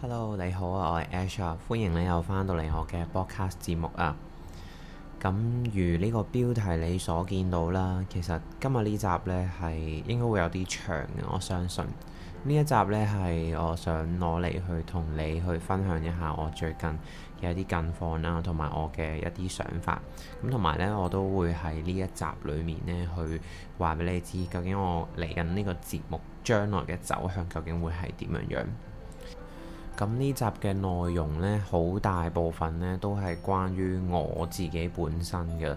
Hello，你好啊，我係 Ash 啊，歡迎你又翻到嚟我嘅 Podcast 節目啊。咁如呢個標題你所見到啦，其實今日呢集呢係應該會有啲長嘅，我相信呢一集呢係我想攞嚟去同你去分享一下我最近嘅一啲近況啦，同埋我嘅一啲想法。咁同埋呢，我都會喺呢一集裏面呢去話俾你知，究竟我嚟緊呢個節目將來嘅走向究竟會係點樣樣。咁呢集嘅內容呢，好大部分呢都係關於我自己本身嘅，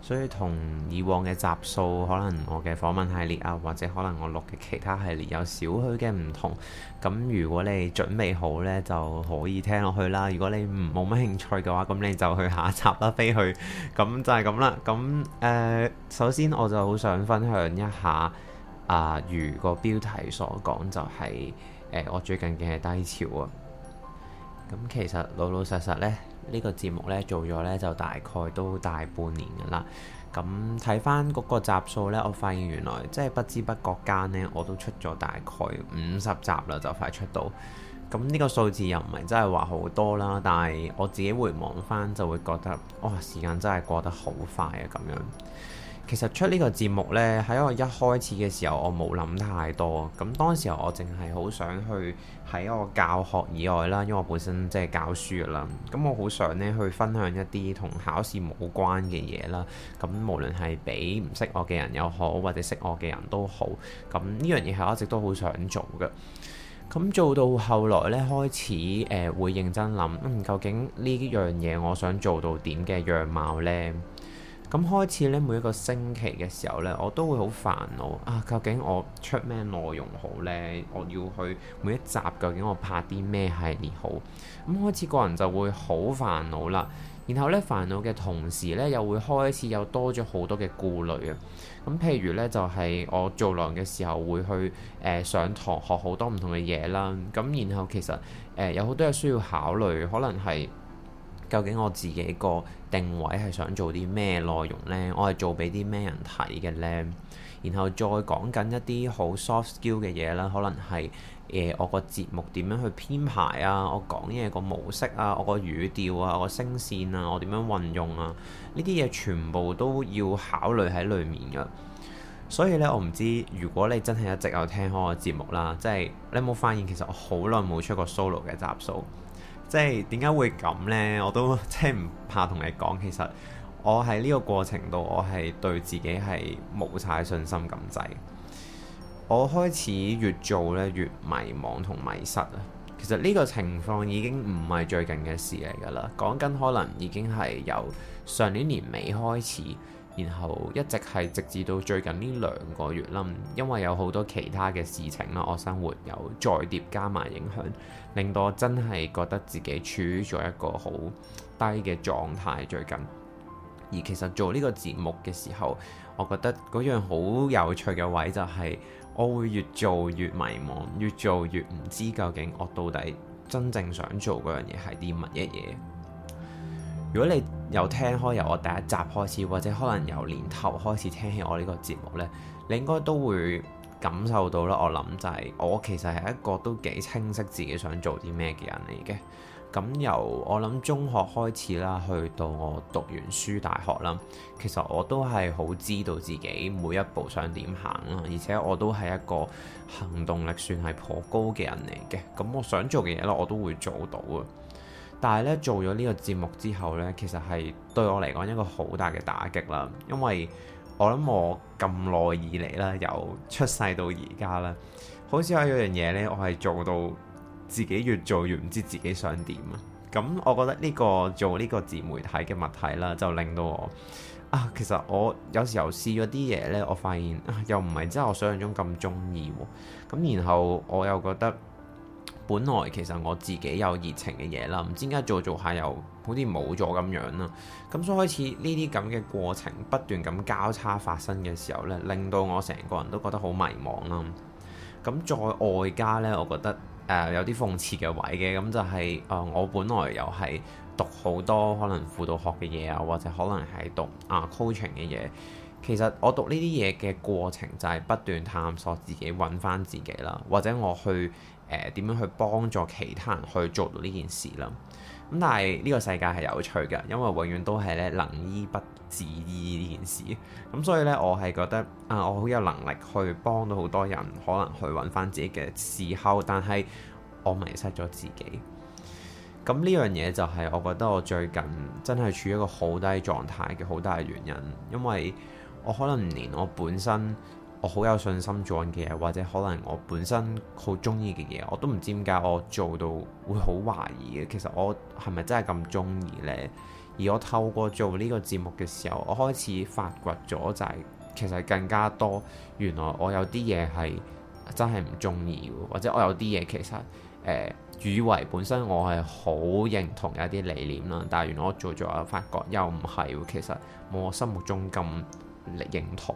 所以同以往嘅集數，可能我嘅訪問系列啊，或者可能我錄嘅其他系列有少許嘅唔同。咁如果你準備好呢，就可以聽落去啦。如果你唔冇乜興趣嘅話，咁你就去下一集啦，飛去。咁就係咁啦。咁誒、呃，首先我就好想分享一下啊，如、呃、個標題所講、就係，就係。誒，我最近嘅係低潮啊。咁其實老老實實呢，呢個節目呢做咗呢就大概都大半年㗎啦。咁睇返嗰個集數呢，我發現原來即係不知不覺間呢，我都出咗大概五十集啦，就快出到。咁呢個數字又唔係真係話好多啦，但係我自己回望返就會覺得哇，時間真係過得好快啊，咁樣。其實出呢個節目呢，喺我一開始嘅時候，我冇諗太多。咁當時候我淨係好想去喺我教學以外啦，因為我本身即係教書啦。咁我好想呢去分享一啲同考試冇關嘅嘢啦。咁無論係俾唔識我嘅人又好，或者識我嘅人都好。咁呢樣嘢係我一直都好想做嘅。咁做到後來呢，開始誒，呃，會認真諗，嗯，究竟呢樣嘢我想做到點嘅樣，樣貌呢？咁開始咧，每一個星期嘅時候咧，我都會好煩惱啊！究竟我出咩內容好呢？我要去每一集，究竟我拍啲咩系列好？咁開始個人就會好煩惱啦。然後咧，煩惱嘅同時咧，又會開始有多咗好多嘅顧慮啊！咁譬如咧，就係、是、我做糧嘅時候會去誒、呃、上堂學好多唔同嘅嘢啦。咁然後其實誒、呃、有好多嘢需要考慮，可能係。究竟我自己個定位係想做啲咩內容呢？我係做俾啲咩人睇嘅呢？然後再講緊一啲好 soft skill 嘅嘢啦，可能係誒、呃、我個節目點樣去編排啊，我講嘢個模式啊，我個語調啊，我個聲線啊，我點樣運用啊？呢啲嘢全部都要考慮喺裡面嘅。所以呢，我唔知如果你真係一直有聽開我節目啦，即係你有冇發現其實我好耐冇出過 solo 嘅集數。即係點解會咁呢？我都即係唔怕同你講，其實我喺呢個過程度，我係對自己係冇晒信心咁滯。我開始越做咧越迷惘同迷失啊！其實呢個情況已經唔係最近嘅事嚟噶啦，講緊可能已經係由上年年尾開始。然後一直係直至到最近呢兩個月啦，因為有好多其他嘅事情啦，我生活有再疊加埋影響，令到我真係覺得自己處於咗一個好低嘅狀態最近。而其實做呢個節目嘅時候，我覺得嗰樣好有趣嘅位就係，我會越做越迷茫，越做越唔知究竟我到底真正想做嗰樣嘢係啲乜嘢嘢。如果你由聽開由我第一集開始，或者可能由年頭開始聽起我呢個節目呢，你應該都會感受到啦。我諗就係、是、我其實係一個都幾清晰自己想做啲咩嘅人嚟嘅。咁、嗯、由我諗中學開始啦，去到我讀完書大學啦，其實我都係好知道自己每一步想點行啦，而且我都係一個行動力算係頗高嘅人嚟嘅。咁、嗯、我想做嘅嘢咧，我都會做到啊！但係咧，做咗呢個節目之後呢，其實係對我嚟講一個好大嘅打擊啦。因為我諗我咁耐以嚟咧，由出世到而家咧，好似有一樣嘢呢。我係做到自己越做越唔知自己想點啊。咁、嗯、我覺得呢、這個做呢個自媒體嘅物體啦，就令到我啊，其實我有時候試咗啲嘢呢，我發現、啊、又唔係真係我想象中咁中意喎。咁然後我又覺得。本來其實我自己有熱情嘅嘢啦，唔知點解做做下又好似冇咗咁樣啦。咁所以開始呢啲咁嘅過程不斷咁交叉發生嘅時候呢，令到我成個人都覺得好迷茫啦。咁再外加呢，我覺得誒、呃、有啲諷刺嘅位嘅，咁就係、是、誒、呃、我本來又係讀好多可能輔導學嘅嘢啊，或者可能係讀啊 coaching 嘅嘢。其實我讀呢啲嘢嘅過程就係不斷探索自己，揾翻自己啦，或者我去。誒點樣去幫助其他人去做到呢件事啦？咁但係呢個世界係有趣嘅，因為永遠都係咧能醫不自醫呢件事。咁所以呢，我係覺得啊、呃，我好有能力去幫到好多人，可能去揾翻自己嘅嗜好，但係我迷失咗自己。咁、嗯、呢樣嘢就係我覺得我最近真係處於一個好低狀態嘅好大原因，因為我可能連我本身。我好有信心做嘅嘢，或者可能我本身好中意嘅嘢，我都唔知點解我做到會好懷疑嘅。其實我係咪真係咁中意呢？而我透過做呢個節目嘅時候，我開始發掘咗就係、是、其實更加多，原來我有啲嘢係真係唔中意，或者我有啲嘢其實誒以、呃、為本身我係好認同一啲理念啦，但係原來我做咗，我發覺又唔係，其實冇我心目中咁認同。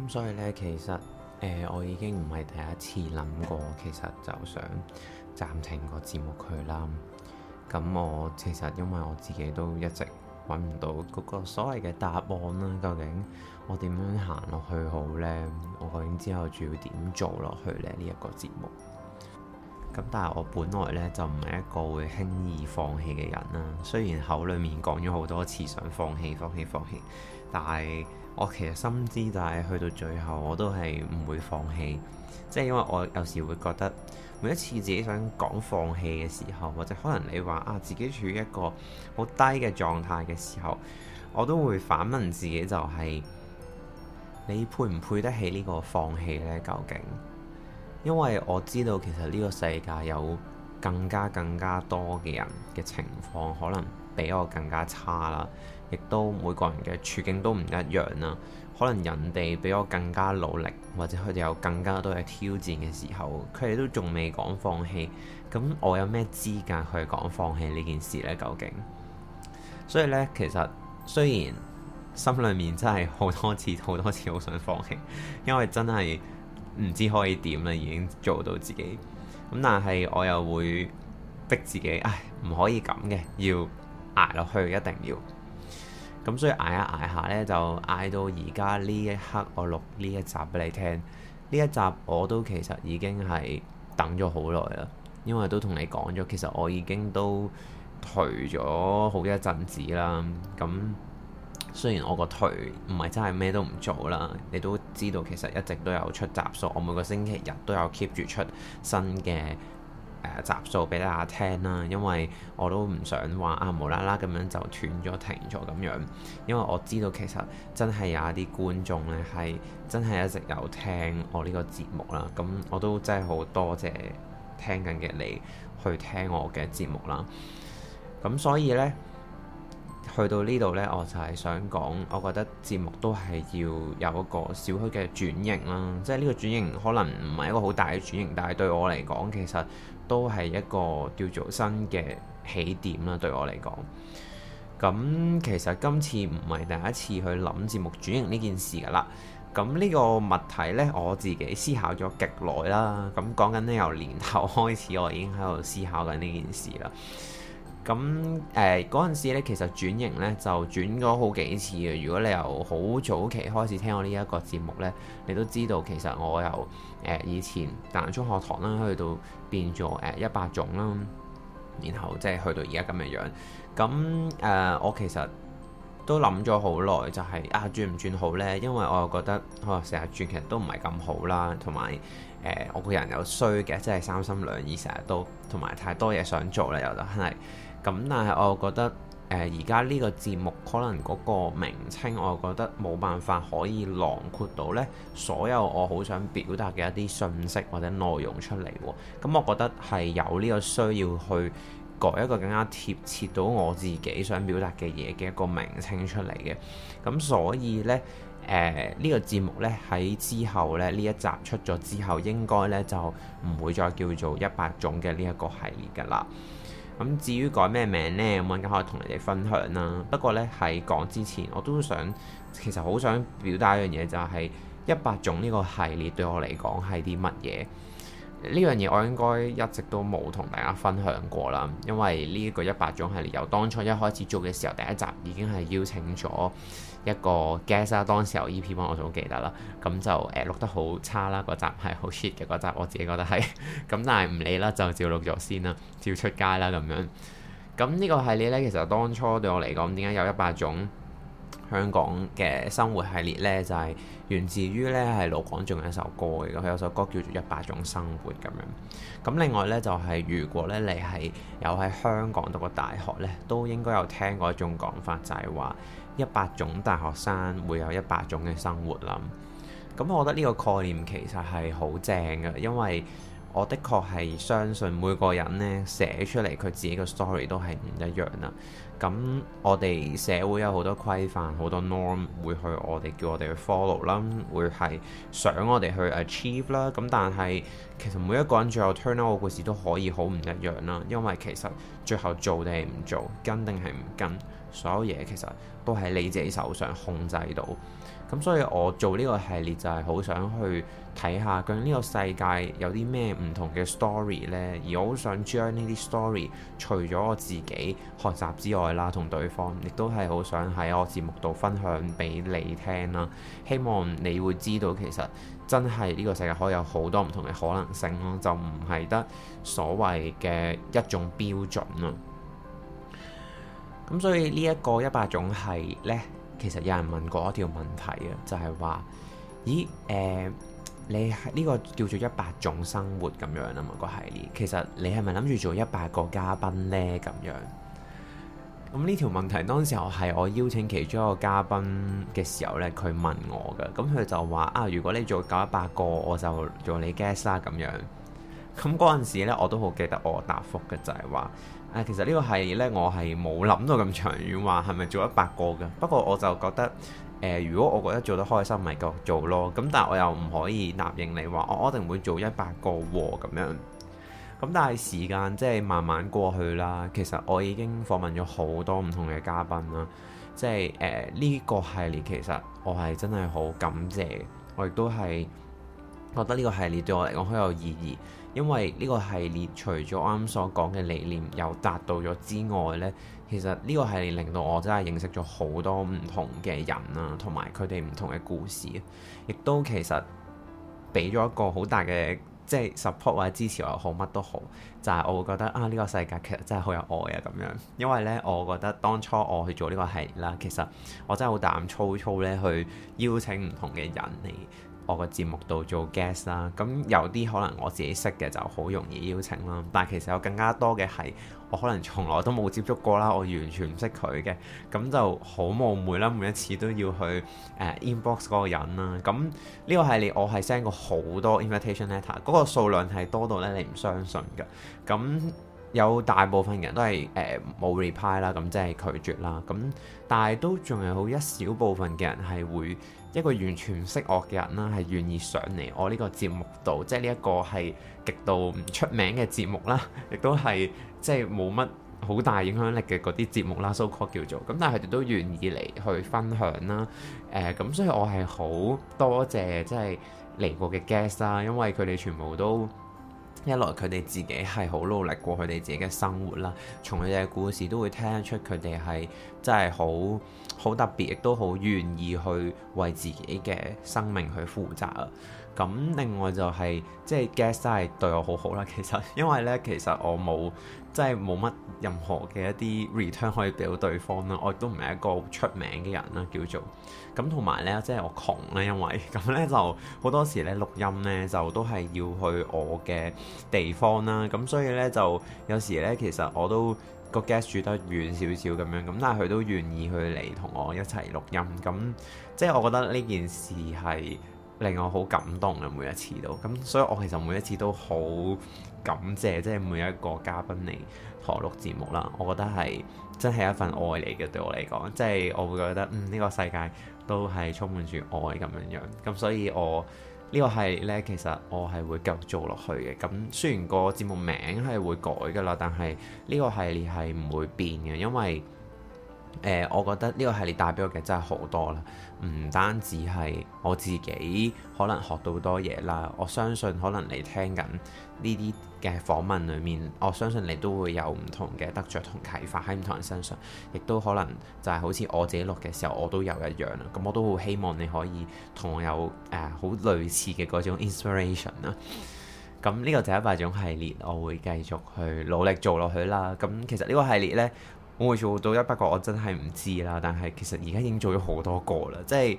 咁所以咧，其實誒、呃，我已經唔係第一次諗過，其實就想暫停個節目佢啦。咁我其實因為我自己都一直揾唔到嗰個所謂嘅答案啦、啊，究竟我點樣行落去好呢？我究竟之後仲要點做落去呢？呢、這、一個節目。咁但係我本來呢，就唔係一個會輕易放棄嘅人啦、啊。雖然口裡面講咗好多次想放棄、放棄、放棄，但係。我其實深知，但係去到最後，我都係唔會放棄。即係因為我有時會覺得每一次自己想講放棄嘅時候，或者可能你話啊，自己處於一個好低嘅狀態嘅時候，我都會反問自己、就係，就係你配唔配得起呢個放棄呢？究竟？因為我知道其實呢個世界有更加更加多嘅人嘅情況，可能比我更加差啦。亦都每個人嘅處境都唔一樣啦。可能人哋比我更加努力，或者佢哋有更加多嘅挑戰嘅時候，佢哋都仲未講放棄，咁我有咩資格去講放棄呢件事咧？究竟所以咧，其實，雖然心裏面真係好多次好多次好想放棄，因為真係唔知可以點啦，已經做到自己咁，但係，我又會逼自己，唉，唔可以咁嘅，要捱落去，一定要。咁所以捱下捱一下呢，就捱到而家呢一刻，我錄呢一集俾你聽。呢一集我都其實已經係等咗好耐啦，因為都同你講咗，其實我已經都攰咗好一陣子啦。咁雖然我個攰唔係真係咩都唔做啦，你都知道其實一直都有出集數，所我每個星期日都有 keep 住出新嘅集數俾大家聽啦，因為我都唔想話啊無啦啦咁樣就斷咗停咗咁樣，因為我知道其實真係有一啲觀眾呢係真係一直有聽我呢個節目啦。咁我都真係好多謝聽緊嘅你去聽我嘅節目啦。咁所以呢，去到呢度呢，我就係想講，我覺得節目都係要有一個少許嘅轉型啦。即係呢個轉型可能唔係一個好大嘅轉型，但係對我嚟講其實。都係一個叫做新嘅起點啦，對我嚟講。咁其實今次唔係第一次去諗節目轉型呢件事㗎喇。咁呢個問題呢，我自己思考咗極耐啦。咁講緊呢，由年頭開始，我已經喺度思考緊呢件事啦。咁誒嗰陣時咧，其實轉型咧就轉咗好幾次嘅。如果你由好早期開始聽我呢一個節目咧，你都知道其實我由誒以前彈中學堂啦，去到變咗誒一百種啦，然後即係去到而家咁嘅樣樣。咁誒、呃，我其實都諗咗好耐，就係啊轉唔轉好咧？因為我又覺得嚇成日轉其實都唔係咁好啦，同埋誒我個人又衰嘅，即係三心兩意，成日都同埋太多嘢想做咧，又真係～咁但係我又覺得，誒而家呢個節目可能嗰個名稱，我又覺得冇辦法可以囊括到呢所有我好想表達嘅一啲信息或者內容出嚟喎。咁我覺得係有呢個需要去改一個更加貼切到我自己想表達嘅嘢嘅一個名稱出嚟嘅。咁所以呢，誒、呃、呢、呢個節目呢喺之後呢，呢一集出咗之後，應該呢，就唔會再叫做一百種嘅呢一個系列㗎啦。咁至於改咩名呢？咁我而家可以同你哋分享啦。不過呢，喺講之前，我都想其實好想表達一樣嘢，就係一百種呢個系列對我嚟講係啲乜嘢呢樣嘢，呢個、我應該一直都冇同大家分享過啦。因為呢一個一百種系列由當初一開始做嘅時候，第一集已經係邀請咗。一個 guess 啦，當時候 EP1 我仲記得啦，咁就誒錄得好差啦，嗰集係好 hit 嘅嗰集，我自己覺得係，咁但係唔理啦，就照錄咗先啦，照出街啦咁樣。咁呢個系列呢，其實當初對我嚟講，點解有一百種香港嘅生活系列呢？就係、是、源自於呢係老廣仲有一首歌嘅，佢有首歌叫做《一百種生活》咁樣。咁另外呢，就係、是，如果咧你係有喺香港讀過大學呢，都應該有聽過一種講法，就係話。一百種大學生會有一百種嘅生活啦。咁我覺得呢個概念其實係好正嘅，因為我的確係相信每個人呢寫出嚟佢自己嘅 story 都係唔一樣啦。咁我哋社會有好多規範，好多 norm 會去我哋叫我哋去 follow 啦，會係想我哋去 achieve 啦。咁但係其實每一個人最後 turn out 個故事都可以好唔一樣啦，因為其實最後做定係唔做，跟定係唔跟，所有嘢其實都喺你自己手上控制到。咁所以我做呢個系列就係好想去睇下，究竟呢個世界有啲咩唔同嘅 story 呢。而我好想將呢啲 story 除咗我自己學習之外啦，同對方亦都係好想喺我節目度分享俾你聽啦。希望你會知道其實。真係呢個世界可以有好多唔同嘅可能性咯，就唔係得所謂嘅一種標準咯。咁所以呢一個一百種係呢，其實有人問過一條問題啊，就係話：咦誒，你呢個叫做一百種生活咁樣啊嘛個系列，其實你係咪諗住做一百個嘉賓呢咁樣？咁呢條問題當時候係我邀請其中一個嘉賓嘅時候呢佢問我嘅，咁佢就話：啊，如果你做夠一百個，我就做你 guess 啊咁樣。咁嗰陣時咧，我都好記得我答覆嘅就係、是、話：啊，其實呢個系列呢，我係冇諗到咁長遠，話係咪做一百個嘅。不過我就覺得，誒、呃，如果我覺得做得開心，咪夠做咯。咁但係我又唔可以答應你話，我一定會做一百個喎、啊、咁樣。咁但係時間即係慢慢過去啦，其實我已經訪問咗好多唔同嘅嘉賓啦，即係誒呢個系列其實我係真係好感謝，我亦都係覺得呢個系列對我嚟講好有意義，因為呢個系列除咗啱啱所講嘅理念又達到咗之外，呢其實呢個系列令到我真係認識咗好多唔同嘅人啊，同埋佢哋唔同嘅故事，亦都其實俾咗一個好大嘅。即係 support 或者支持我又好，乜都好，就係我會覺得啊，呢個世界其實真係好有愛啊咁樣。因為呢，我覺得當初我去做呢個系列啦，其實我真係好膽粗粗呢去邀請唔同嘅人嚟我個節目度做 guest 啦。咁有啲可能我自己識嘅就好容易邀請啦，但係其實有更加多嘅係。我可能從來都冇接觸過啦，我完全唔識佢嘅，咁就好冒昧啦。每一次都要去誒、呃、inbox 嗰個人啦，咁呢個系列我係 send 過好多 invitation letter，嗰個數量係多到咧你唔相信嘅，咁。有大部分人都係誒冇 reply 啦，咁、呃、即係拒絕啦。咁但係都仲有好一小部分嘅人係會一個完全唔識我嘅人啦，係願意上嚟我呢個節目度，即係呢一個係極度唔出名嘅節目啦，亦都係即係冇乜好大影響力嘅嗰啲節目啦，so called 叫做。咁但係佢哋都願意嚟去分享啦。誒、呃、咁所以我係好多謝即係嚟過嘅 guest 啦，因為佢哋全部都。一來佢哋自己係好努力過佢哋自己嘅生活啦，從佢哋嘅故事都會聽得出佢哋係真係好好特別，亦都好願意去為自己嘅生命去負責啊。咁另外就係、是、即係 guest 都係對我好好啦。其實因為咧，其實我冇即係冇乜。任何嘅一啲 return 可以俾到對方啦，我亦都唔係一個好出名嘅人啦，叫做。咁同埋呢，即係我窮啦，因為咁呢就好多時呢，錄音呢就都係要去我嘅地方啦，咁所以呢，就有時呢，其實我都個 guest 住得遠少少咁樣咁，但係佢都願意去嚟同我一齊錄音，咁即係我覺得呢件事係令我好感動嘅每一次都，咁所以我其實每一次都好。感謝即係每一個嘉賓嚟同我錄節目啦，我覺得係真係一份愛嚟嘅，對我嚟講，即係我會覺得嗯呢個世界都係充滿住愛咁樣樣，咁所以我呢個系列呢，其實我係會繼續做落去嘅。咁雖然個節目名係會改噶啦，但係呢個系列係唔會變嘅，因為。誒、呃，我覺得呢個系列帶俾我嘅真係好多啦，唔單止係我自己可能學到多嘢啦，我相信可能你聽緊呢啲嘅訪問裡面，我相信你都會有唔同嘅得着同啟發喺唔同人身上，亦都可能就係好似我自己錄嘅時候我都有一樣啦，咁我都好希望你可以同我有誒好、呃、類似嘅嗰種 inspiration 啦。咁呢個就係一百種系列，我會繼續去努力做落去啦。咁其實呢個系列呢。我會做到一百個，我真係唔知啦。但係其實而家已經做咗好多個啦，即係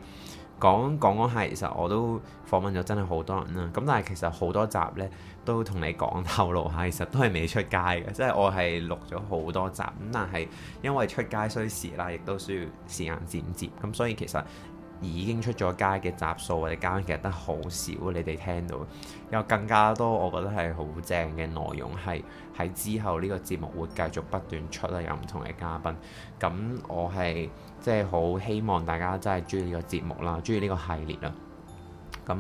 講講講下。其實我都訪問咗真係好多人啦。咁但係其實好多集呢都同你講透露下，其實都係未出街嘅。即係我係錄咗好多集，咁但係因為出街需時啦，亦都需要時間剪接，咁所以其實。已經出咗街嘅集數我哋嘉其實得好少，你哋聽到，有更加多我覺得係好正嘅內容，係喺之後呢個節目會繼續不斷出啦，有唔同嘅嘉賓。咁我係即係好希望大家真係中意呢個節目啦，中意呢個系列啦。咁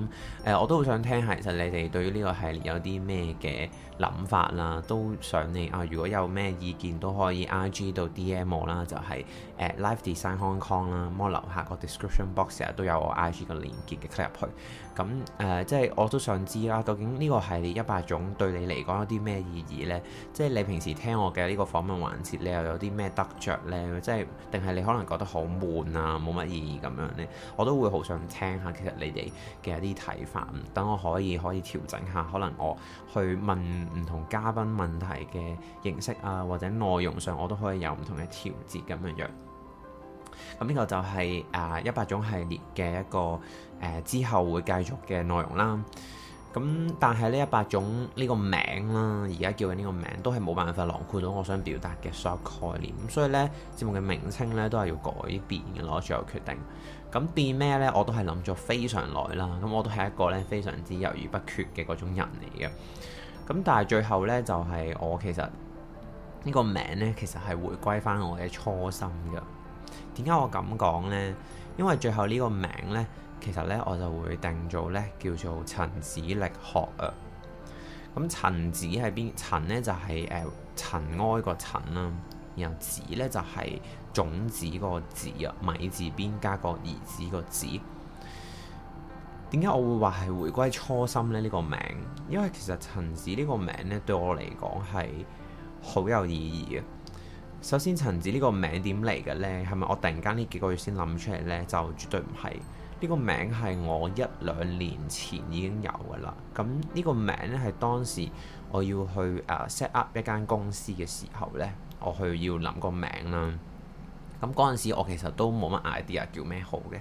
誒，我都好想聽下，其實你哋對於呢個系列有啲咩嘅？諗法啦，都想你啊！如果有咩意見都可以 I G 到 D M 啦，就係、是、誒 Life Design Hong Kong 啦，我留下個 description box 啊，都有我 I G 嘅連結嘅，click 入去。咁誒、呃，即係我都想知啦，究竟呢個系列一百種對你嚟講有啲咩意義呢？即係你平時聽我嘅呢個訪問環節，你又有啲咩得着呢？即係定係你可能覺得好悶啊，冇乜意義咁樣呢？我都會好想聽下，其實你哋嘅一啲睇法，等我可以可以調整下，可能我去問，唔同嘉賓問題嘅形式啊，或者內容上，我都可以有唔同嘅調節咁樣樣。咁呢個就係誒一百種系列嘅一個誒、呃、之後會繼續嘅內容啦。咁但係呢一百種呢、呢個名啦，而家叫緊呢個名都係冇辦法囊括到我想表達嘅所有概念，所以呢節目嘅名稱呢，都係要改變嘅咯。最後決定咁變咩呢？我都係諗咗非常耐啦。咁我都係一個呢非常之猶豫不決嘅嗰種人嚟嘅。咁但係最後呢，就係、是、我其實呢、呢個名呢，其實係回歸翻我嘅初心㗎。點解我咁講呢？因為最後呢個名呢，其實呢，我就會定做呢叫做陳子力學啊。咁陳子係邊？陳呢就係誒塵埃個塵啦，然後子呢就係、是、種子個子啊，米字邊加個兒子個子。點解我會話係回歸初心呢？呢個名，因為其實陳子呢個名呢對我嚟講係好有意義嘅。首先，陳子呢個名點嚟嘅呢？係咪我突然間呢幾個月先諗出嚟呢？就絕對唔係。呢個名係我一兩年前已經有㗎啦。咁呢個名呢，係當時我要去誒 set up 一間公司嘅時候呢，我去要諗個名啦。咁嗰陣時，我其實都冇乜 idea 叫咩好嘅，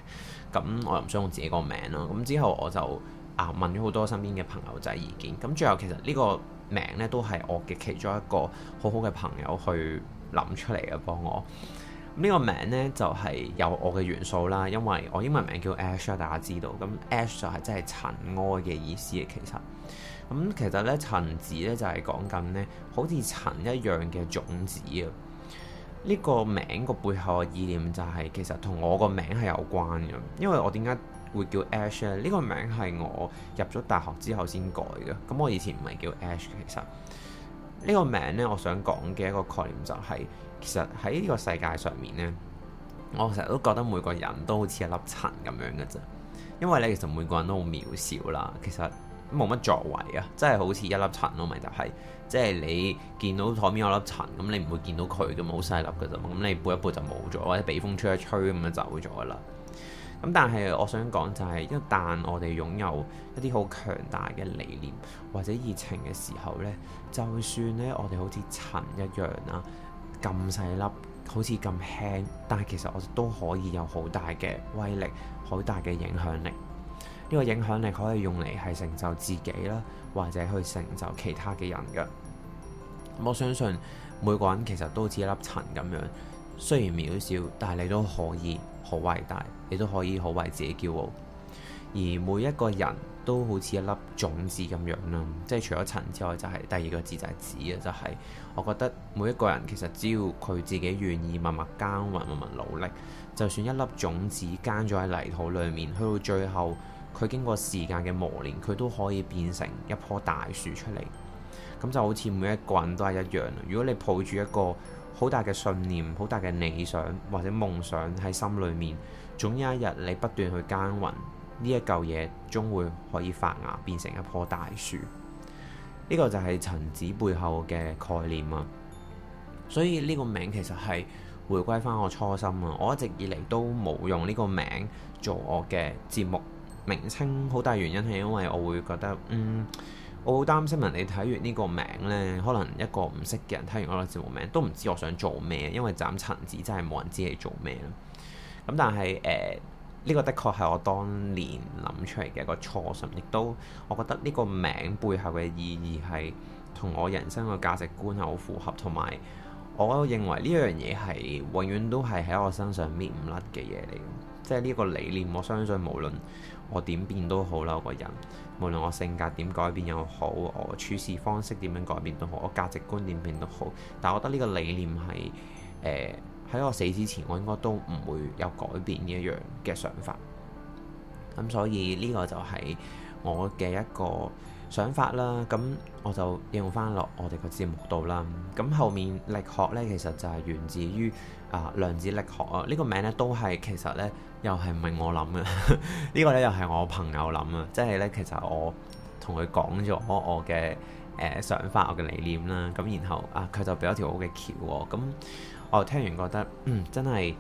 咁我又唔想用自己個名咯。咁之後我就啊問咗好多身邊嘅朋友仔意見，咁最後其實呢個名咧都係我嘅其中一個好好嘅朋友去諗出嚟嘅，幫我。咁呢個名咧就係、是、有我嘅元素啦，因為我英文名叫 Ash，大家知道。咁 Ash 就係真係塵埃嘅意思嘅，其實。咁其實咧，塵子咧就係講緊咧，好似塵一樣嘅種子啊。呢個名個背後嘅意念就係其實同我個名係有關嘅，因為我點解會叫 Ash 呢？呢個名係我入咗大學之後先改嘅。咁我以前唔係叫 Ash，其實呢個名呢，我想講嘅一個概念就係其實喺呢個世界上面呢，我成日都覺得每個人都好似一粒塵咁樣嘅啫，因為呢，其實每個人都好渺小啦，其實。冇乜作為啊，真係好似一粒塵咯，咪就係，即係你見到枱面有粒塵，咁你唔會見到佢嘅好細粒嘅咋嘛，咁你撥一撥就冇咗，或者被風吹一吹咁就走咗啦。咁但係我想講就係，一旦我哋擁有一啲好強大嘅理念或者熱情嘅時候呢，就算呢我哋好似塵一樣啦，咁細粒，好似咁輕，但係其實我哋都可以有好大嘅威力，好大嘅影響力。呢個影響力可以用嚟係成就自己啦，或者去成就其他嘅人嘅。我相信每個人其實都好似一粒塵咁樣，雖然渺小，但係你都可以好偉大，你都可以好為自己驕傲。而每一個人都好似一粒種子咁樣啦，即係除咗塵之外，就係、是、第二個字就係子啊，就係、是、我覺得每一個人其實只要佢自己願意默默耕耘、默默努力，就算一粒種子耕咗喺泥土裏面，去到最後。佢經過時間嘅磨練，佢都可以變成一棵大樹出嚟。咁就好似每一個人都係一樣。如果你抱住一個好大嘅信念、好大嘅理想或者夢想喺心裏面，總有一日你不斷去耕耘，呢一嚿嘢，終會可以發芽變成一棵大樹。呢個就係陳子背後嘅概念啊。所以呢個名其實係回歸翻我初心啊。我一直以嚟都冇用呢個名做我嘅節目。名稱好大原因係因為我會覺得，嗯，我好擔心人哋睇完呢個名呢，可能一個唔識嘅人睇完我個節目名都唔知我想做咩，因為斬層子真係冇人知你做咩。咁但係誒，呢、呃呢個的確係我當年諗出嚟嘅一個初心，亦都我覺得呢個名背後嘅意義係同我人生嘅價值觀係好符合，同埋我認為呢樣嘢係永遠都係喺我身上搣唔甩嘅嘢嚟，即係呢個理念，我相信無論。我點變都好啦，我個人，無論我性格點改變又好，我處事方式點樣改變都好，我價值觀點變都好。但我覺得呢個理念係，誒、呃、喺我死之前，我應該都唔會有改變呢一樣嘅想法。咁、嗯、所以呢個就係我嘅一個。想法啦，咁我就應用翻落我哋個節目度啦。咁後面力學呢，其實就係源自於啊量子力學啊，呢個名呢，都係其實呢，又係唔係我諗嘅。呢 個呢，又係我朋友諗啊，即係呢，其實我同佢講咗我嘅誒、呃、想法、我嘅理念啦，咁然後啊佢、呃、就俾咗條好嘅橋喎，咁我聽完覺得嗯真係。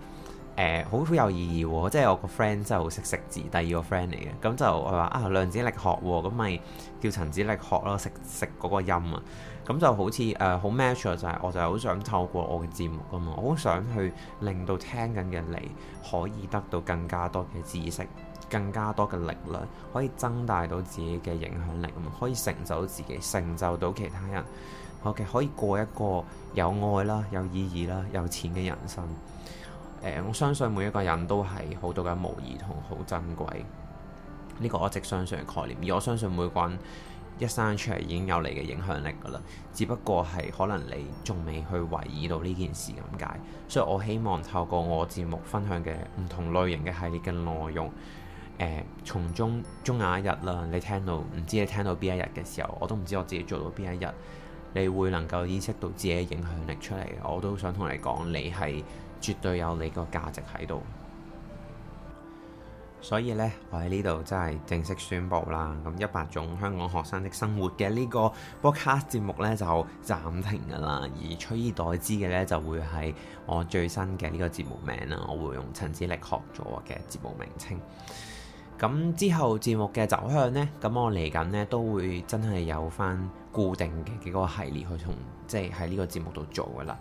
誒，好、呃、有意義喎、哦！即係我個 friend 真係好識食字，第二個 friend 嚟嘅咁就係話啊，量子力學咁、哦、咪叫陳子力學咯，食食嗰個音啊，咁就好似誒好 match 就係、是、我就係好想透過我嘅節目啊嘛，好想去令到聽緊嘅你可以得到更加多嘅知識，更加多嘅力量，可以增大到自己嘅影響力啊，可以成就自己，成就到其他人，OK，可以過一個有愛啦、有意義啦、有錢嘅人生。呃、我相信每一個人都係好多嘅無疑同好珍貴，呢、這個我一直相信嘅概念。而我相信每個人一生出嚟已經有你嘅影響力噶啦，只不過係可能你仲未去懷疑到呢件事咁解。所以我希望透過我節目分享嘅唔同類型嘅系列嘅內容，誒、呃，從中中有一日啦，你聽到唔知你聽到邊一日嘅時候，我都唔知我自己做到邊一日，你會能夠意識到自己嘅影響力出嚟。我都想同你講，你係。絕對有你個價值喺度，所以呢，我喺呢度真係正式宣布啦。咁一百種香港學生的生活嘅呢個播客節目呢，就暫停噶啦，而取而代之嘅呢，就會係我最新嘅呢個節目名啦。我會用陳子力學做嘅節目名稱。咁之後節目嘅走向呢，咁我嚟緊呢，都會真係有返固定嘅幾個系列去從，即係喺呢個節目度做噶啦。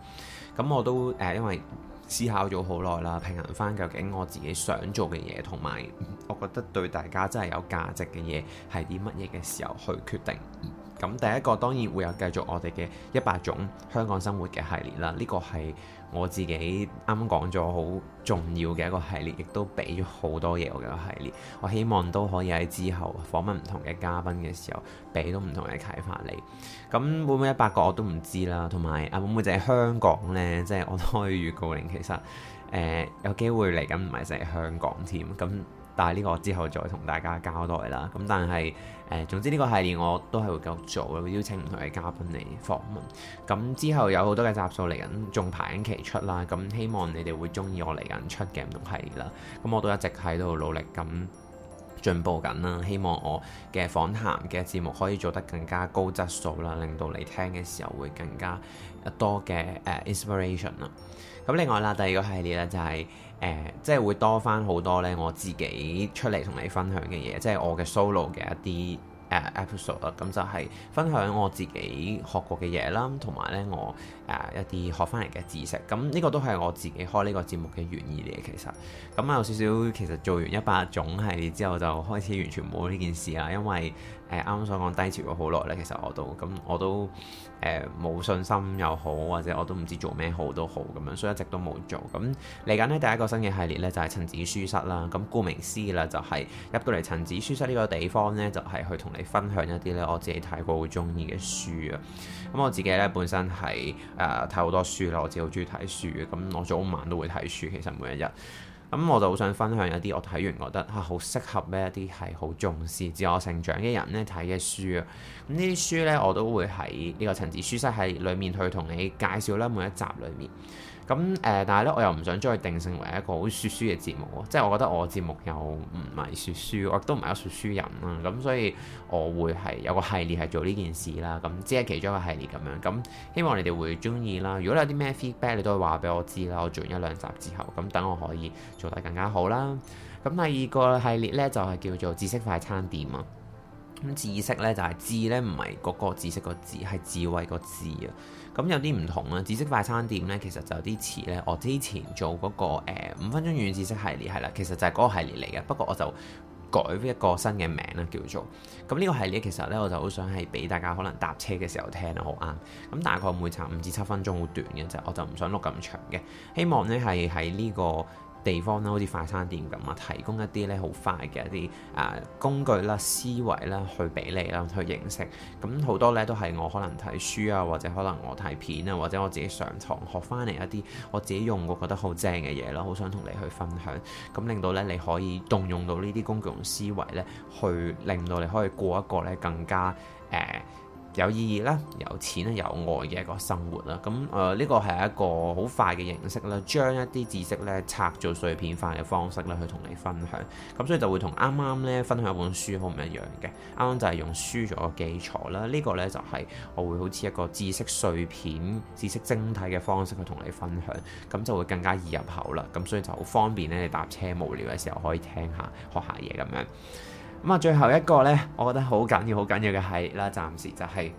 咁我都誒，因為思考咗好耐啦，平衡返究竟我自己想做嘅嘢，同埋我覺得對大家真係有價值嘅嘢，係啲乜嘢嘅時候去決定。咁第一個當然會有繼續我哋嘅一百種香港生活嘅系列啦，呢個係我自己啱講咗好重要嘅一個系列，亦都俾咗好多嘢我嘅個系列，我希望都可以喺之後訪問唔同嘅嘉賓嘅時候俾到唔同嘅啟發你。咁會唔會一百個我都唔知啦，同埋啊會唔會就係香港呢，即係我都可以預告你，其實誒、呃、有機會嚟緊唔係淨係香港添咁。但係呢個我之後再同大家交代啦。咁但係誒、呃，總之呢個系列我都係會繼續做，會邀請唔同嘅嘉賓嚟訪問。咁之後有好多嘅集數嚟緊，仲排緊期出啦。咁希望你哋會中意我嚟緊出嘅唔同系列啦。咁我都一直喺度努力，咁進步緊啦。希望我嘅訪談嘅節目可以做得更加高質素啦，令到你聽嘅時候會更加多嘅誒、uh, inspiration 啦。咁另外啦，第二個系列咧就係、是。誒、呃，即係會多翻好多呢，我自己出嚟同你分享嘅嘢，即係我嘅 solo 嘅一啲誒、呃、episode 啊，咁就係分享我自己學過嘅嘢啦，同埋呢，我誒、呃、一啲學翻嚟嘅知識，咁呢個都係我自己開呢個節目嘅原意嚟嘅，其實，咁有少少其實做完一百種系列之後，就開始完全冇呢件事啦，因為。啱啱所講低潮咗好耐咧，其實我都咁我都誒冇信心又好，或者我都唔知做咩好都好咁樣，所以一直都冇做。咁嚟緊呢，第一個新嘅系列呢，就係陳子書室啦。咁顧名思義啦，就係入到嚟陳子書室呢個地方呢，就係去同你分享一啲呢我自己睇過好中意嘅書啊。咁我自己呢，本身係誒睇好多書啦，我自己好中意睇書嘅，咁我早晚都會睇書，其實每一日。咁我就好想分享一啲我睇完覺得啊，好適合咧，一啲係好重視自我成長嘅人咧，睇嘅書啊！咁呢啲書呢，我都會喺呢個陳志書室喺裏面去同你介紹啦，每一集裡面。咁誒，但係咧，我又唔想將佢定性為一個好説書嘅節目啊，即係我覺得我節目又唔係説書，我都唔係一個説書人啦。咁所以，我會係有個系列係做呢件事啦。咁即係其中一個系列咁樣。咁希望你哋會中意啦。如果你有啲咩 feedback，你都會話俾我知啦。我做完一兩集之後，咁等我可以做得更加好啦。咁第二個系列呢，就係叫做知識快餐店啊。咁知識呢，就係智呢，唔係嗰個知識個知，係智慧個智啊！咁有啲唔同啦。智識快餐店呢，其實就有啲似呢。我之前做嗰、嗰個、呃、五分鐘軟知識系列係啦，其實就係嗰個系列嚟嘅，不過我就改一個新嘅名啦，叫做咁呢個系列。其實呢，我就好想係俾大家可能搭車嘅時候聽啊，好啱。咁大概每集五至七分鐘，好短嘅啫，我就唔想錄咁長嘅。希望呢係喺呢個地方啦，好似快餐店咁啊，提供一啲咧好快嘅一啲啊、呃、工具啦、思維啦，去俾你啦，去認識。咁好多咧都係我可能睇書啊，或者可能我睇片啊，或者我自己上堂學翻嚟一啲我自己用，我覺得好正嘅嘢啦，好想同你去分享。咁令到咧你可以動用到呢啲工具同思維咧，去令到你可以過一個咧更加誒。呃有意義啦，有錢啊，有愛嘅、呃、一個生活啦。咁誒，呢個係一個好快嘅形式啦，將一啲知識咧拆做碎片化嘅方式咧去同你分享。咁所以就會同啱啱咧分享一本書好唔一樣嘅。啱啱就係用書做個基礎啦。呢、這個呢就係我會好似一個知識碎片、知識晶體嘅方式去同你分享。咁就會更加易入口啦。咁所以就好方便咧，你搭車無聊嘅時候可以聽下，學下嘢咁樣。咁啊，最後一個呢，我覺得好緊要，要、好緊要嘅係啦，暫時就係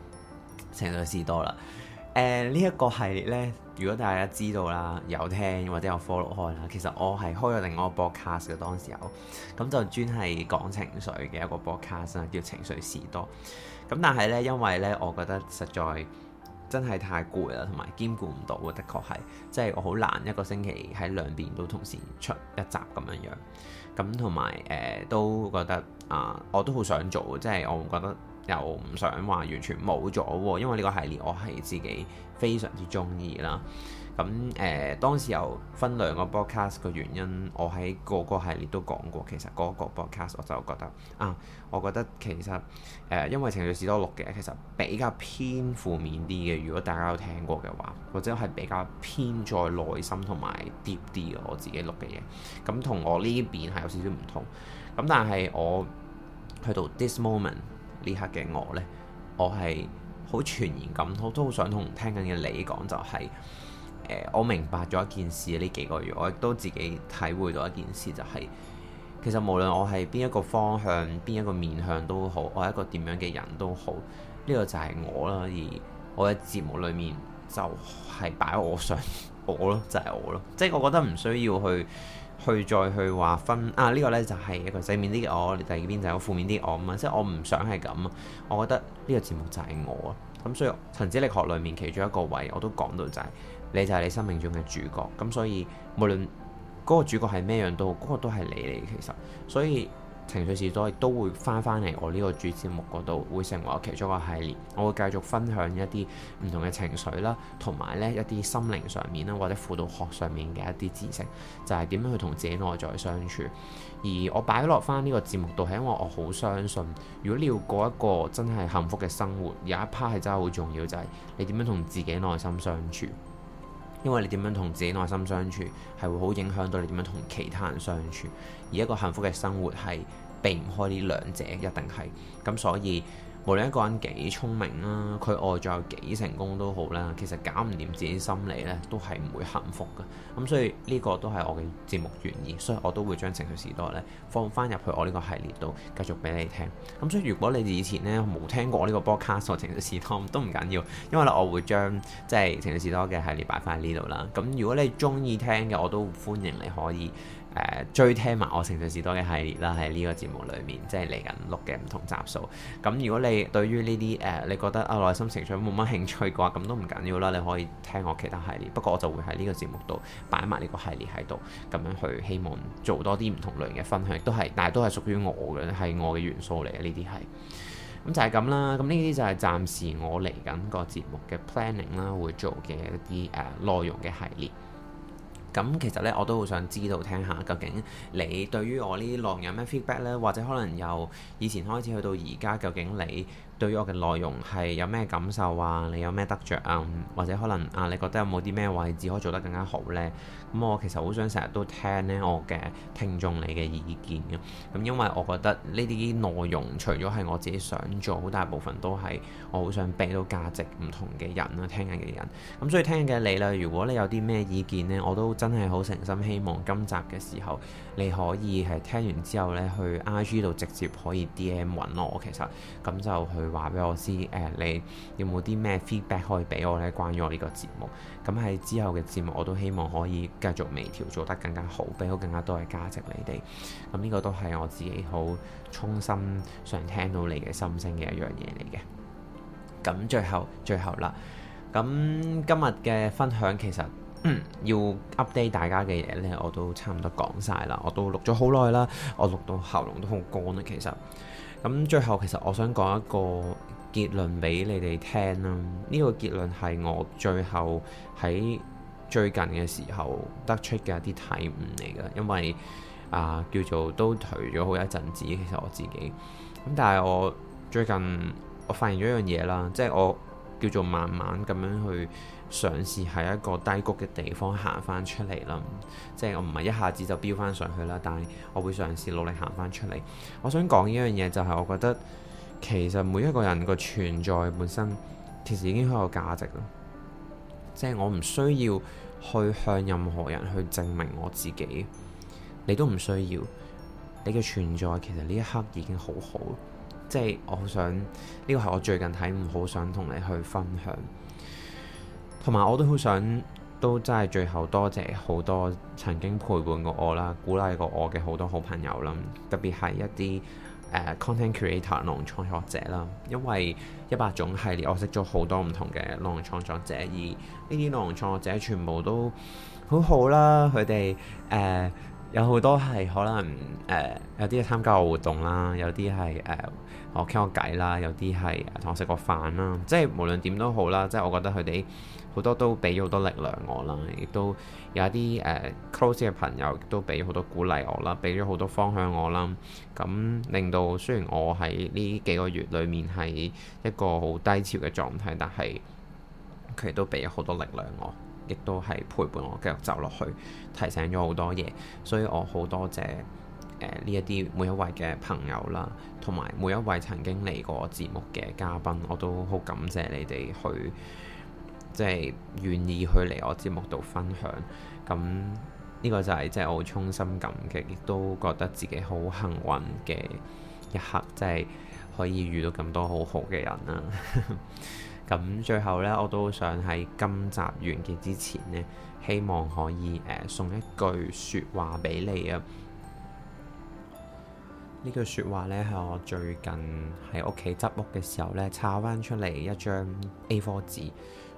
情緒士多啦。誒、呃，呢、這、一個系列呢，如果大家知道啦、有聽或者有 follow 開啦，其實我係開咗另外一個 broadcast 嘅當時候，咁就專係講情緒嘅一個 broadcast，叫情緒士多。咁但係呢，因為呢，我覺得實在真係太攰啦，同埋兼顧唔到嘅。的確係，即、就、係、是、我好難一個星期喺兩邊都同時出一集咁樣樣。咁同埋誒都覺得啊，我都好想做，即係我覺得又唔想話完全冇咗喎，因為呢個系列我係自己非常之中意啦。咁誒、呃，當時有分兩個 broadcast 嘅原因，我喺個個系列都講過。其實嗰個 broadcast 我就覺得啊，我覺得其實誒、呃，因為情緒士多錄嘅，其實比較偏負面啲嘅。如果大家有聽過嘅話，或者係比較偏在內心同埋 deep 啲，我自己錄嘅嘢。咁同我呢邊係有少少唔同。咁但係我去到 this moment 呢刻嘅我呢，我係好傳言感，我都好想同聽緊嘅你講、就是，就係。呃、我明白咗一件事。呢幾個月，我亦都自己體會到一件事，就係其實無論我係邊一個方向、邊一個面向都好，我係一個點樣嘅人都好。呢個就係我啦。而我喺節目裡面就係擺我上我咯，就係我咯。即係我覺得唔需要去去再去話分啊。呢個呢，就係一個正面啲嘅我，第二邊就係我負面啲我啊嘛。即係我唔想係咁啊。我覺得呢個節目就係我啊。咁所以，陳子力學裡面其中一個位我都講到就係。你就係你生命中嘅主角咁，所以無論嗰個主角係咩樣都好，嗰、嗰個都係你嚟。其實，所以情緒士多都會翻翻嚟我呢個主節目嗰度，會成為我其中一個系列。我會繼續分享一啲唔同嘅情緒啦，同埋呢一啲心靈上面啦，或者輔導學上面嘅一啲知識，就係點樣去同自己內在相處。而我擺落翻呢個節目度，係因為我好相信，如果你要過一個真係幸福嘅生活，有一 part 係真係好重要，就係你點樣同自己內心相處。因為你點樣同自己內心相處，係會好影響到你點樣同其他人相處，而一個幸福嘅生活係避唔開呢兩者，一定係。咁所以。無論一個人幾聰明啦，佢外在幾成功都好啦，其實搞唔掂自己心理咧，都係唔會幸福噶。咁所以呢個都係我嘅節目原意，所以我都會將情緒士多咧，放翻入去我呢個系列度繼續俾你聽。咁所以如果你以前咧冇聽過 cast, 我呢個 podcast 情緒士多，都唔緊要，要，因為咧我會將即係情緒士多嘅系列擺翻喺呢度啦。咁如果你中意聽嘅，我都歡迎你可以。誒追、uh, 聽埋我成長士多嘅系列啦，喺呢個節目裡面，即係嚟緊錄嘅唔同集數。咁如果你對於呢啲誒，uh, 你覺得啊內心情緒冇乜興趣嘅話，咁都唔緊要啦，你可以聽我其他系列。不過我就會喺呢個節目度擺埋呢個系列喺度，咁樣去希望做多啲唔同類型嘅分享，都係，但係都係屬於我嘅，係我嘅元素嚟嘅呢啲係。咁就係咁啦。咁呢啲就係暫時我嚟緊個節目嘅 planning 啦，會做嘅一啲誒、uh, 內容嘅系列。咁其實呢，我都好想知道聽下，究竟你對於我呢浪有咩 feedback 呢？或者可能由以前開始去到而家，究竟你？對於我嘅內容係有咩感受啊？你有咩得着啊？或者可能啊，你覺得有冇啲咩位置可以做得更加好呢？咁我其實好想成日都聽呢，我嘅聽眾你嘅意見嘅。咁因為我覺得呢啲內容除咗係我自己想做好，大部分都係我好想俾到價值唔同嘅人啦，聽緊嘅人。咁所以聽緊嘅你啦，如果你有啲咩意見呢，我都真係好誠心希望今集嘅時候你可以係聽完之後呢，去 IG 度直接可以 DM 揾我。其實咁就去。話俾我知，誒、哎，你有冇啲咩 feedback 可以俾我呢？關於我呢個節目。咁喺之後嘅節目，我都希望可以繼續微調，做得更加好，俾好更加多嘅價值你哋。咁呢個都係我自己好衷心想聽到你嘅心聲嘅一樣嘢嚟嘅。咁最後，最後啦，咁今日嘅分享其實、嗯、要 update 大家嘅嘢呢，我都差唔多講晒啦，我都錄咗好耐啦，我錄到喉嚨都好乾啦，其實。咁最後其實我想講一個結論俾你哋聽啦，呢、這個結論係我最後喺最近嘅時候得出嘅一啲體悟嚟嘅，因為啊、呃、叫做都頹咗好一陣子，其實我自己咁，但係我最近我發現咗一樣嘢啦，即係我叫做慢慢咁樣去，嘗試喺一個低谷嘅地方行翻出嚟啦，即係我唔係一下子就飚翻上去啦，但係我會嘗試努力行翻出嚟。我想講呢樣嘢就係，我覺得其實每一個人個存在本身其實已經好有價值咯。即係我唔需要去向任何人去證明我自己，你都唔需要。你嘅存在其實呢一刻已經好好。即係我好想呢個係我最近睇，唔好想同你去分享。同埋我都好想，都真係最後多謝好多曾經陪伴過我啦、鼓勵過我嘅好多好朋友啦，特別係一啲誒、呃、content creator、內容創作者啦。因為一百種系列，我識咗好多唔同嘅內容創作者，而呢啲內容創作者全部都好好啦。佢哋誒有好多係可能誒、呃、有啲係參加我活動啦，有啲係誒我傾過偈啦，有啲係同我食過飯啦。即係無論點都好啦，即係我覺得佢哋。好多都俾咗好多力量我啦，亦都有一啲誒 close 嘅朋友都俾好多鼓勵我啦，俾咗好多方向我啦，咁令到雖然我喺呢幾個月裏面係一個好低潮嘅狀態，但係佢都俾咗好多力量我，亦都係陪伴我繼續走落去，提醒咗好多嘢，所以我好多謝呢一啲每一位嘅朋友啦，同埋每一位曾經嚟過節目嘅嘉賓，我都好感謝你哋去。即係願意去嚟我節目度分享，咁呢個就係即係我衷心感激，亦都覺得自己好幸運嘅一刻，即係可以遇到咁多好好嘅人啦。咁 最後呢，我都想喺今集完結之前呢，希望可以誒、呃、送一句說話俾你啊！呢句說話呢，係我最近喺屋企執屋嘅時候呢，抄翻出嚟一張 A4 紙。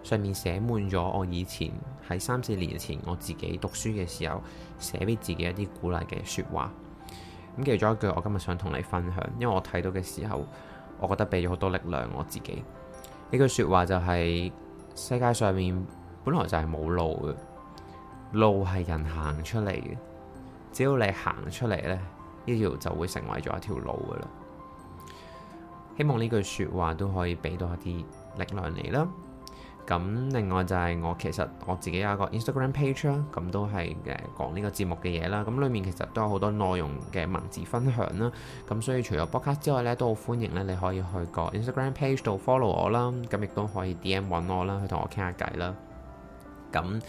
上面寫滿咗我以前喺三四年前我自己讀書嘅時候寫俾自己一啲鼓勵嘅說話。咁其中一句我今日想同你分享，因為我睇到嘅時候，我覺得俾咗好多力量我自己。呢句說話就係世界上面本來就係冇路嘅，路係人行出嚟嘅。只要你行出嚟呢，呢條就會成為咗一條路噶啦。希望呢句說話都可以俾到一啲力量你啦。咁另外就係我其實我自己有一個 Instagram page 啦，咁都係誒講呢個節目嘅嘢啦。咁裡面其實都有好多內容嘅文字分享啦。咁所以除咗 Podcast 之外呢，都好歡迎咧，你可以去個 Instagram page 度 follow 我啦。咁亦都可以 DM 揾我啦，去同我傾下偈啦。咁。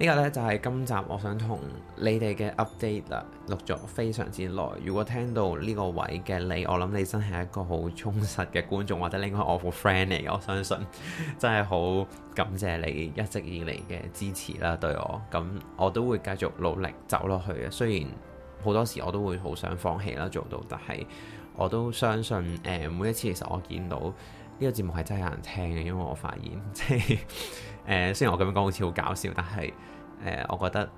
呢個呢，就係、是、今集我想同你哋嘅 update 啦，錄咗非常之耐。如果聽到呢個位嘅你，我諗你真係一個好忠實嘅觀眾，或者應該我個 friend 嚟，我相信真係好感謝你一直以嚟嘅支持啦，對我。咁我都會繼續努力走落去嘅。雖然好多時我都會好想放棄啦，做到，但係我都相信誒、呃，每一次其實我見到呢、這個節目係真係有人聽嘅，因為我發現即係。誒，雖然我咁樣講好似好搞笑，但係誒、呃，我覺得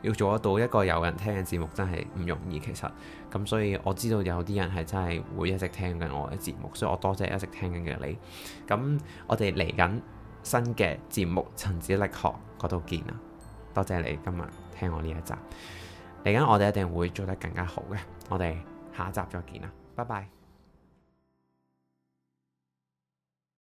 要做得到一個有人聽嘅節目真係唔容易，其實。咁所以我知道有啲人係真係會一直聽緊我嘅節目，所以我多謝一直聽緊嘅你。咁我哋嚟緊新嘅節目《陳子力學》嗰度見啦，多謝你今日聽我呢一集。嚟緊我哋一定會做得更加好嘅，我哋下一集再見啦，拜拜。